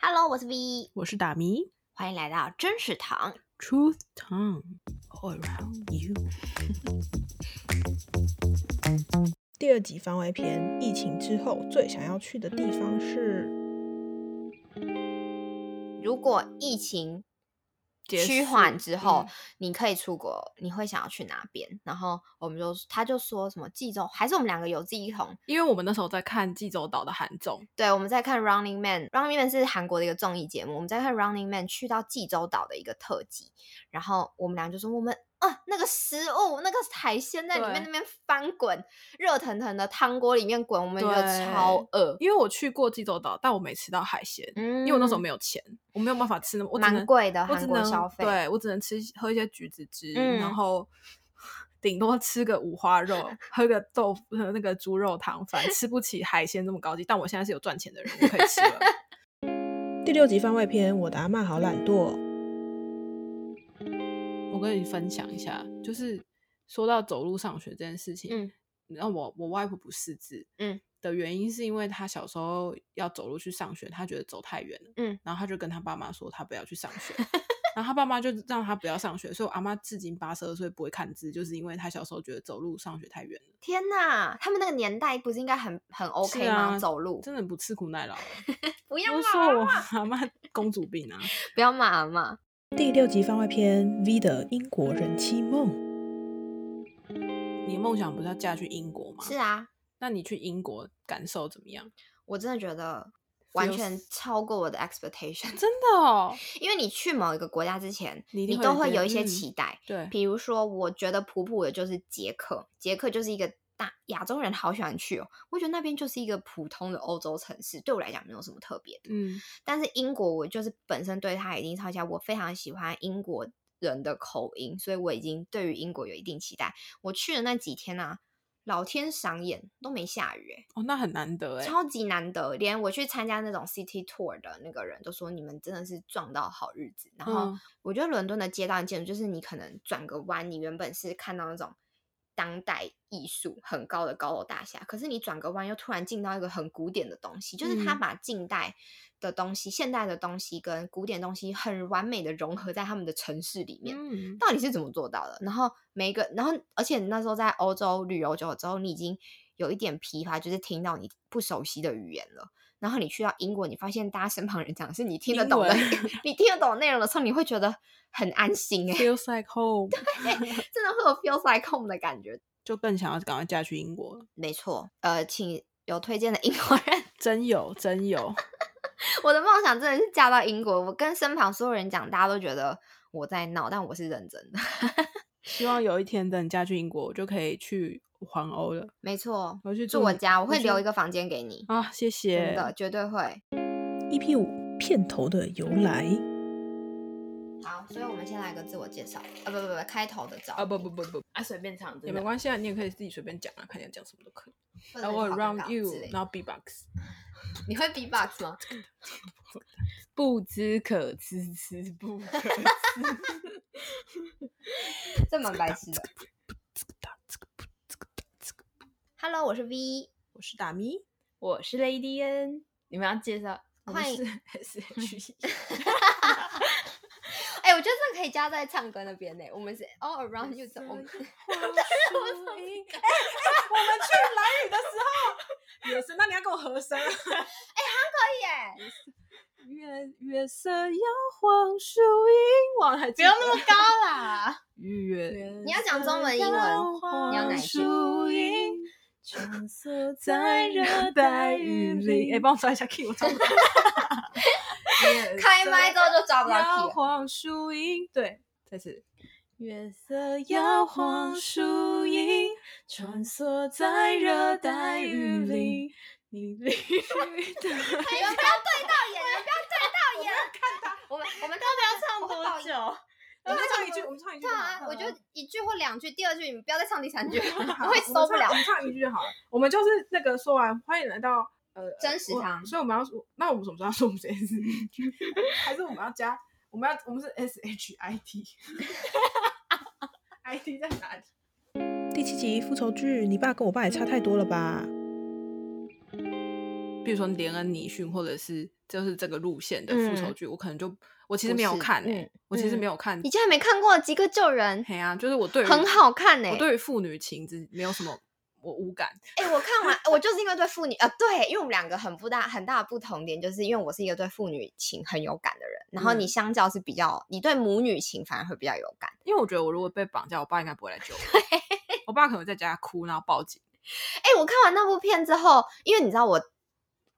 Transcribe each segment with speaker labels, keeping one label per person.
Speaker 1: Hello，我是 V，我是打迷，
Speaker 2: 歡迎來到真實堂。
Speaker 1: Truth Tongue All around you。 第二集番外篇，疫情之後最想要去的地方是，如果疫情。趨緩之後，嗯、你
Speaker 2: 可以出國，你會想要去哪邊？然後我們就他就說什麼濟州，還是我們兩個有志一同，因為我們那時候在看濟州島的韓綜，對，我們在看《Running Man》，《Running Man》是韓國的一個綜藝節目，我們在看《Running Man》去到濟州島的一個特輯，然後我們倆就說我們。啊，那個食物，那個海鮮在裡面對那邊翻滾，熱騰騰的湯鍋裡面滾，我們覺得
Speaker 1: 超餓。因為我去過濟州島，但我沒吃到海鮮，嗯、因為我那時候沒有錢，我沒有辦法吃那麼。蠻貴的韓國消費，對，我只能吃喝一些橘子汁，嗯、然後頂多吃個五花肉，喝個豆腐那個豬肉湯，反正吃不起海鮮這麼高級。 但我現在是有賺錢的人，我可以吃了。 第六集番外篇，我的阿嬤好懶惰。我跟你分享一下，就是說到走路上學這件事情，嗯，你知道我我外婆不識字，嗯，的原因是因為她小時候要走路去上學，她覺得走太遠了，嗯，然後她就跟她爸媽說她不要去上學，嗯、然後她爸媽就讓她不要上學， 所以我阿媽至今八十二歲不會看字，就是因為她小時候覺得走路上學太遠了。天哪，他們那個年代不是應該很很 OK 嗎？啊、走路真的不吃苦耐勞、
Speaker 2: 啊？ 不要罵啊！都說我
Speaker 1: 阿媽公主病啊！不要罵阿、啊、媽。第六集番外篇 V 的英國人妻夢，你夢想不是要嫁去英國嗎？是啊，那你去英國感受怎麼樣？我真的覺得完全超過我
Speaker 2: 的 expectation，真的哦。因為你去某一個國家之前，你，你都會有一些期待，嗯、對，比如說我覺得普普的就是捷克，捷克就是一個。亞那洲人好喜歡去哦，我覺得那邊就是一個普通的歐洲城市，對我來講沒有什麼特別的。嗯，但是英國我就是本身對它已經超像我非常喜歡英國人的口音，所以我已經對於英國有一定期待。我去了那幾天呢、啊，老天賞眼都沒下雨、欸，哦，那很難得、欸，超級難得。連我去參加那種 City Tour 的那個人都說，你們真的是撞到好日子。然後我覺得倫敦的街道建築就是你可能轉個彎，你原本是看到那種。當代藝術很高的高樓大廈，可是你轉個彎又突然進到一個很古典的東西，嗯、就是他把近代的東西、現代的東西跟古典東西很完美的融合在他們的城市裡面，嗯、到底是怎麼做到的？然後每一個，然後而且那時候在歐洲旅遊久了之後，你已經有一點疲乏，就是聽到你不熟悉的語言了。然後你去到英國，你發現大家身旁人講的是你聽得懂的，文 你聽得懂的內容的時候，你會覺得很安心哎，Feels like home，
Speaker 1: 對，真的會有 Feels like home 的感覺，就更想要趕快嫁去英國。沒錯，呃，請有推薦的英國人，真有真有。真有
Speaker 2: 我的夢想真的是嫁到英國，我跟身旁所有人講，大家都覺得我在鬧，但我是認真的。
Speaker 1: 希望有一天等你嫁去英國，我就可以去。黃歐的，沒錯，我去住我家，我會留一
Speaker 2: 個房間給你
Speaker 1: 啊，謝謝，真的絕對會。E P 五片頭的由來，好，所以我們先來個自我介紹啊，不不不不，開頭的照啊，不不不不啊，隨便唱，也沒關係啊，你也可以自己隨便講啊，看你要講什麼都可以。那我 around you，然後 b box，你會 be box 嗎？不知可知知不可知，這蠻白痴的。Hello，我是 V，我是大咪，我是 Lady N，你們要介紹，歡迎 SH。
Speaker 2: 哎，我覺得這個可以加在唱歌那邊呢。我們是 All Around You，我們。樹影，哎哎，
Speaker 1: 我們去藍雨的時候，也是。那你要跟我合聲？哎，還可以耶。月月色搖晃，樹影往海，不要那麼高啦。月，你要講中文，英文，你要英文穿梭在熱帶雨林，欸，幫我抓一下 key，我怎麼開麥之後就抓不到 key，搖晃樹影對，再次。月色搖晃樹影，穿梭在熱帶雨林。你離開的，不要對到眼，不要對到眼，看他。我們我們到底要唱多久？我就唱一句，啊、
Speaker 2: 我們唱一句、啊。對啊，我就一句或兩句，第二句你們不要再唱，第三句 好我會受不了。我們唱一句
Speaker 1: 就好了。我們就是那個說完，歡迎來到呃真實堂。所以我們要說，那我們怎麼知道說我們是 S 真實？還是我們要加？我們要我們是 S H I T。哈哈哈！哈哈！哈！I T 在哪？第七集復仇劇，你爸跟我爸也差太多了吧？比如說連恩尼遜，或者是就是這個路線的復仇劇，嗯、我可能就。我其實沒有看誒、欸，是我其實沒有看、嗯。以、嗯、前還
Speaker 2: 沒看過《即刻救人》？
Speaker 1: 對啊，就是我對很好看誒、欸。我對於父女情只沒有什麼，我無感、欸。我看
Speaker 2: 完， 我就是因為對父女呃對，因為我們兩個很不大很大的不同點，就是因為我是一個對父女情很有感的人，然後你相較是比較，嗯、你對母女情反而會比較有感。因為我覺得我如
Speaker 1: 果被綁架，我爸應該不會來救我， 我爸可能在家哭，然後報警。哎、欸，我看完
Speaker 2: 那部片之後，因為你知道我。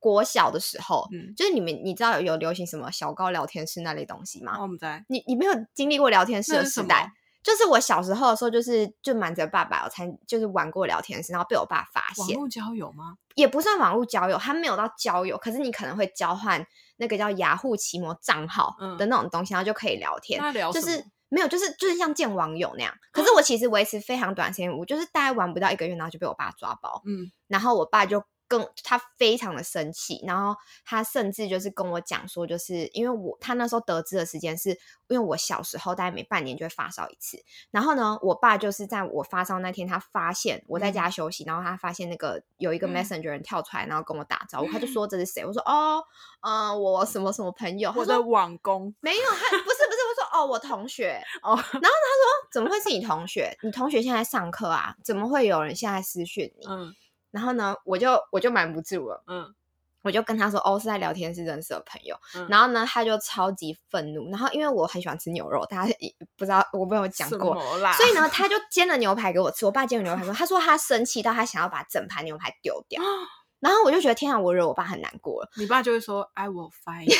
Speaker 2: 國小的時候，嗯、就是你們，你知道有流行什麼小高聊天室那類東西嗎？我不知道。你你沒有經歷過聊天室的時代，是就是我小時候的時候、就是，就是就瞞着爸爸我才就是玩過聊天室，然後被我爸發現。網路交友嗎？也不算網路交友，他沒有到交友，可是你可能會交換那個叫雅虎、ah、奇摩賬號的那種東西，嗯、然後就可以聊天，聊就是沒有，就是就是像見網友那樣。嗯、可是我其實維持非常短時間，我就是大概玩不到一個月，然後就被我爸抓包。嗯，然後我爸就。更他非常的生氣，然後他甚至就是跟我講說，就是因為我他那時候得知的時間是因為我小時候大概每半年就會發燒一次，然後呢，我爸就是在我發燒那天，他發現我在家休息，嗯、然後他發現那個有一個 Messenger 人跳出來，嗯、然後跟我打招呼，他就說這是誰？我說哦，嗯、呃，我什麼什麼朋友？或者網工，沒有，他不是不是，我說哦，我同學哦， 然後他說怎麼會是你同學？你同學現在上課啊？怎麼會有人現在私訊你？嗯。然後呢，我就我就瞞不住了，嗯，我就跟他說，哦，是在聊天室認識的朋友。嗯、然後呢，他就超級憤怒。然後因為我很喜歡吃牛肉，大家不知道我沒有講過，所以呢，他就煎了牛排給我吃。我爸煎了牛排，說他說他生氣到他想要把整盤牛排丟掉。 然後我就覺得天啊，我惹我爸很難過了。
Speaker 1: 你爸就會說，I will find you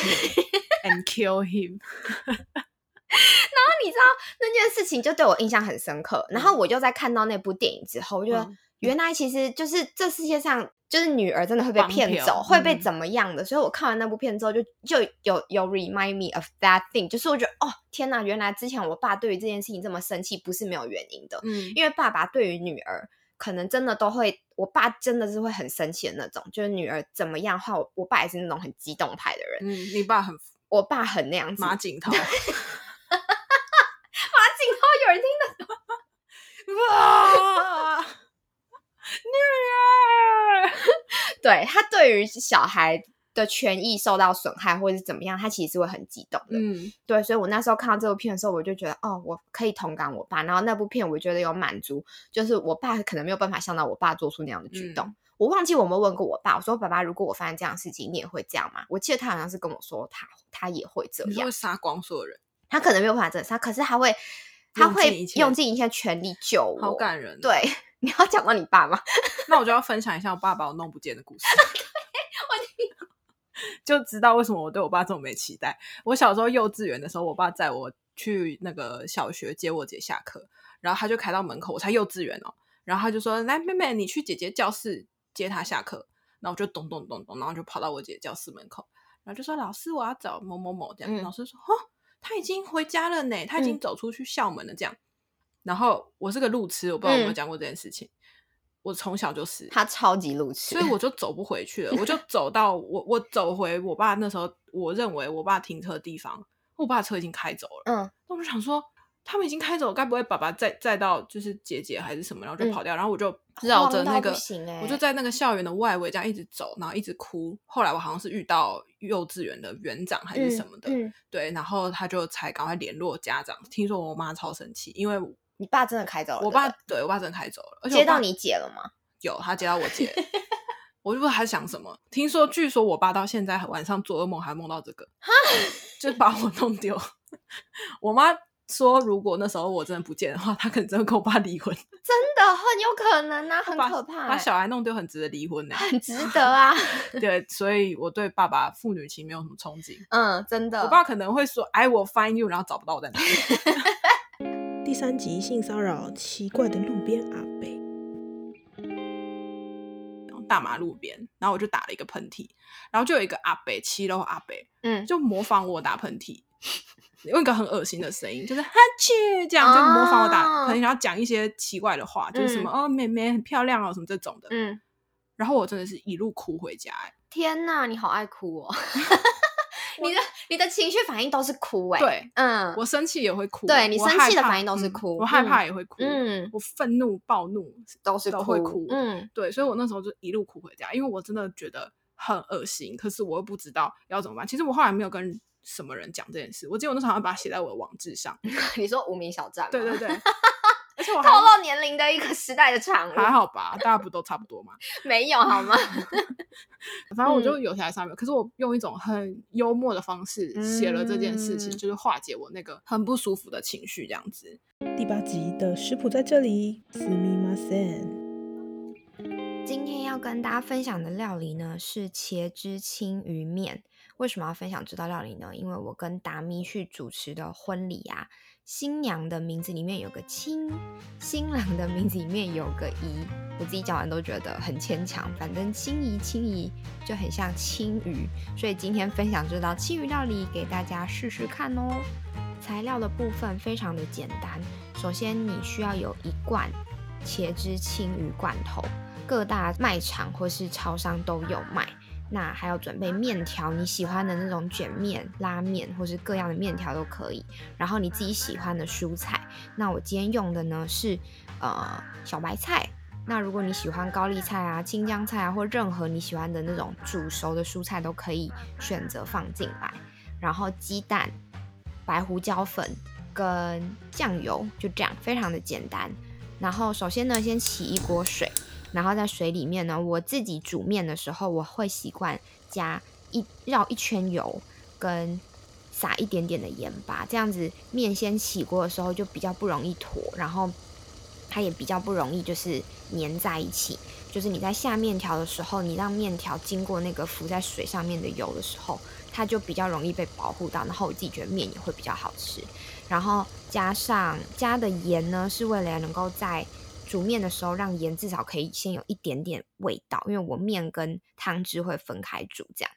Speaker 2: and kill him。 然後你知道那件事情就對我印象很深刻。嗯、然後我就在看到那部電影之後，嗯、我覺得原來其實就是這世界上就是女兒真的會被騙走，嗯、會被怎麼樣的？所以，我看完那部片之後就，就就有有 remind me of that thing，就是我覺得哦，天哪！原來之前我爸對於這件事情這麼生氣，不是沒有原因的。嗯，因為爸爸對於女兒可能真的都會，我爸真的是會很生氣的那種。就是女兒怎麼樣的話，我我爸也是那種很激動派的人。嗯，你爸很，我爸很那樣子。馬景濤。 對，他對於小孩的權益受到損害或者是怎麼樣，他其實是會很激動的。嗯，對，所以我那時候看到這部片的時候，我就覺得，哦，我可以同感我爸。然後那部片我覺得有滿足，就是我爸可能沒有辦法像到我爸做出那樣的舉動。嗯，我忘記我沒問過我爸，我說，爸爸，如果我發生這樣的事情，你也會這樣嗎？我記得他好像是跟我說，他他也會這樣，你會殺光所有人。他可能沒有辦法這樣殺，可是他會
Speaker 1: 他會用盡，用盡一切全力救我，好感人，哦。對。你要講到你爸嗎？ 那我就要分享一下我爸爸我弄不見的故事。對，我 就知道為什麼我對我爸這麼沒期待。我小時候幼稚園的時候，我爸載我去那個小學接我姐下課，然後他就開到門口，我才幼稚園哦、喔，然後他就說：“來妹妹，你去姐姐教室接她下課。”然後我就咚咚咚咚，然後就跑到我姐，姐教室門口，然後就說：“老師，我要找某某某。”這樣老師說：“哦，他已經回家了呢，他已經走出去校門了。”這樣。然後我是個路痴，我不知道有沒有講過這件事情。嗯、我從小就是他超級路痴，所以我就走不回去了。 我就走到我我走回我爸那時候，我認為我爸停車的地方，我爸車已經開走了。嗯，那我就想說，他們已經開走了，該不會爸爸載載到就是姐姐還是什麼，然後就跑掉？嗯、然後我就繞着那個，行欸、我就在那個校園的外圍這樣一直走，然後一直哭。後來我好像是遇到幼稚園的園長還是什麼的，嗯嗯、對，然後他就才趕快聯絡家長。聽說我媽超生氣，因為我。你爸真的開走了？我爸對，吧對，我爸真的開走了。接到你姐了嗎？有，他接到我姐。 我就不知道他在想什麼。聽說，據說我爸到現在晚上做噩夢，還夢到這個，哈就把我弄丟。 我媽說，如果那時候我真的不見的話，她可能真的跟我爸離婚。真的很有可能啊，很可怕，欸把。把小孩弄丟很值得離婚呢，很值得啊。 對，所以我對爸爸父女情沒有什麼憧憬。嗯，真的。我爸可能會說 “I will find you”，然後找不到我在哪裡。 第三集性騷擾，奇怪的路邊阿北，大馬路邊，然後我就打了一個噴嚏，然後就有一個阿北，七樓阿北，嗯，就模仿我打噴嚏，用 一個很惡心的聲音，就是哈切這樣，哦、就模仿我打噴嚏，然後講一些奇怪的話，就是什麼、嗯、哦，妹妹很漂亮哦，什麼這種的，嗯，然後我真的是一路哭回家、欸，哎，
Speaker 2: 天哪，你好愛哭哦。 我你的你的情緒反應都是哭誒、欸。對，
Speaker 1: 嗯，我生氣也會哭，對你生氣的反應都是哭，我害怕也會哭，嗯，我憤怒、暴怒都是都會哭，嗯，對，所以我那時候就一路哭回家，因為我真的覺得很噁心，嗯、可是我又不知道要怎麼辦。其實我後來沒有跟什麼人講這件事，我記得我那時候還把它寫在我的網志上， 你說無名小站，對對對。
Speaker 2: 透露年齡的一個時代的產物，還好
Speaker 1: 吧？大家不都差不多嗎？ 沒有好嗎？ 反正我就有下來上面。嗯、可是我用一種很幽默的方式寫了這件事情，嗯、就是化解我那個很不舒服的情緒。這樣子，第八集的食譜在這裡。私密馬賽。今天要跟
Speaker 2: 大家分享的料理呢，是茄汁鯖魚麵。為什麼要分享這道料理呢？因為我跟達咪去主持的婚禮啊，新娘的名字裡面有個青，新郎的名字裡面有個宜，我自己講完都覺得很牽強，反正青宜青宜就很像青魚，所以今天分享這道青魚料理給大家試試看哦。材料的部分非常的簡單，首先你需要有一罐茄汁青魚罐頭，各大賣場或是超商都有賣。那還要準備麵條，你喜歡的那種捲麵、拉麵，或是各樣的麵條都可以。然後你自己喜歡的蔬菜，那我今天用的呢是呃小白菜。那如果你喜歡高麗菜啊、青江菜啊，或任何你喜歡的那種煮熟的蔬菜，都可以選擇放進來。然後雞蛋、白胡椒粉跟醬油，就這樣非常的簡單。然後首先呢，先起一鍋水。然後在水裡面呢，我自己煮麵的時候，我會習慣加一繞一圈油，跟撒一點點的鹽巴，這樣子麵先起鍋的時候就比較不容易坨，然後它也比較不容易就是粘在一起。就是你在下麵條的時候，你讓麵條經過那個浮在水上面的油的時候，它就比較容易被保護到，然後我自己覺得麵也會比較好吃。然後加上加的鹽呢，是為了能夠在煮麵的時候，讓鹽至少可以先有一點點味道，因為我麵跟湯汁會分開煮，這樣。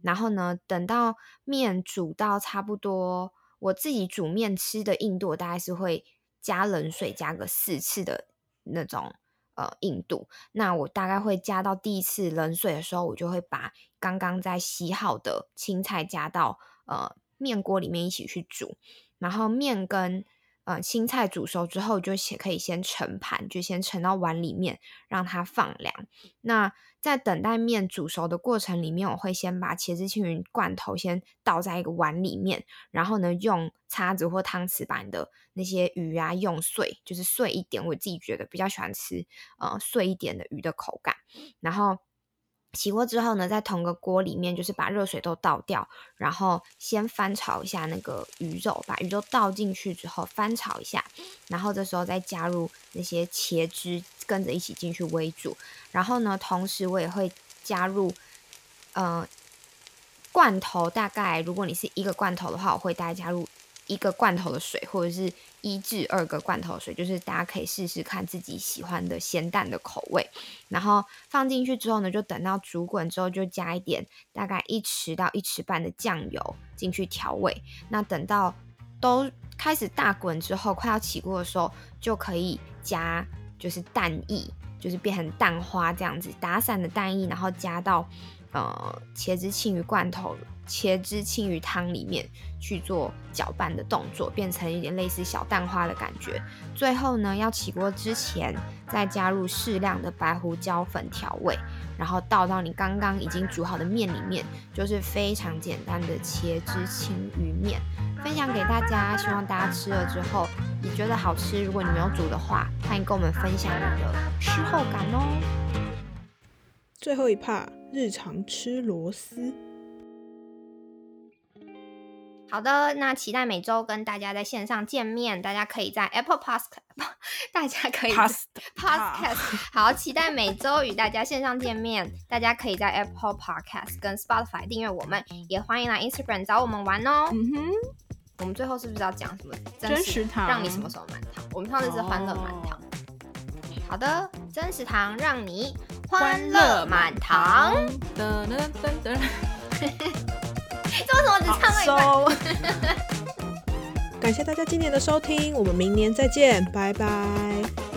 Speaker 2: 然後呢，等到麵煮到差不多，我自己煮麵吃的硬度大概是會加冷水加個四次的那種呃硬度。那我大概會加到第一次冷水的時候，我就會把剛剛在洗好的青菜加到呃麵鍋裡面一起去煮，然後麵跟。嗯，青菜煮熟之後就且可以先盛盤，就先盛到碗裡面，讓它放涼。那在等待麵煮熟的過程裡面，我會先把茄汁青魚罐頭先倒在一個碗裡面，然後呢，用叉子或湯匙把你的那些魚啊用碎，就是碎一點。我自己覺得比較喜歡吃，呃，碎一點的魚的口感。然後。起鍋之後呢，在同個鍋裡面，就是把熱水都倒掉，然後先翻炒一下那個魚肉，把魚肉倒進去之後翻炒一下，然後這時候再加入那些茄汁，跟着一起進去煨煮。然後呢，同時我也會加入，呃，罐頭。大概如果你是一個罐頭的話，我會大概加入一個罐頭的水，或者是。一至二個罐頭水，就是大家可以試試看自己喜歡的鹹蛋的口味，然後放進去之後呢，就等到煮滾之後，就加一點大概一匙到一匙半的醬油進去調味。那等到都開始大滾之後，快要起鍋的時候，就可以加就是蛋液，就是變成蛋花這樣子打散的蛋液，然後加到。呃，茄汁青魚罐頭、茄汁青魚湯裡面去做攪拌的動作，變成一點類似小蛋花的感覺。最後呢，要起鍋之前再加入適量的白胡椒粉調味，然後倒到你剛剛已經煮好的麵裡面，就是非常簡單的茄汁青魚麵，分享給大家。希望大家吃了之後也覺得好吃。如果你沒
Speaker 1: 有煮的話，歡迎跟我們分享你的吃後感哦。最後一 part。日常吃螺絲。
Speaker 2: 好的，那期待每周跟大家在線上見面，大家可以在 Apple Podcast，大家可以 Pasta, Podcast， 好，期待每周與大家線上見面， 大家可以在 Apple Podcast 跟 Spotify 訂閱我們，也歡迎來 Instagram 找我們玩哦。嗯哼，我們最後是不是要講什麼真實糖，讓你什麼時候滿堂？我們上次是歡樂滿堂。Oh. 好的。真食堂讓你
Speaker 1: 歡樂滿
Speaker 2: 堂。這為什麼只唱了一半？Oh, so
Speaker 1: 感謝大家今年的收聽，我們明年再見，拜拜。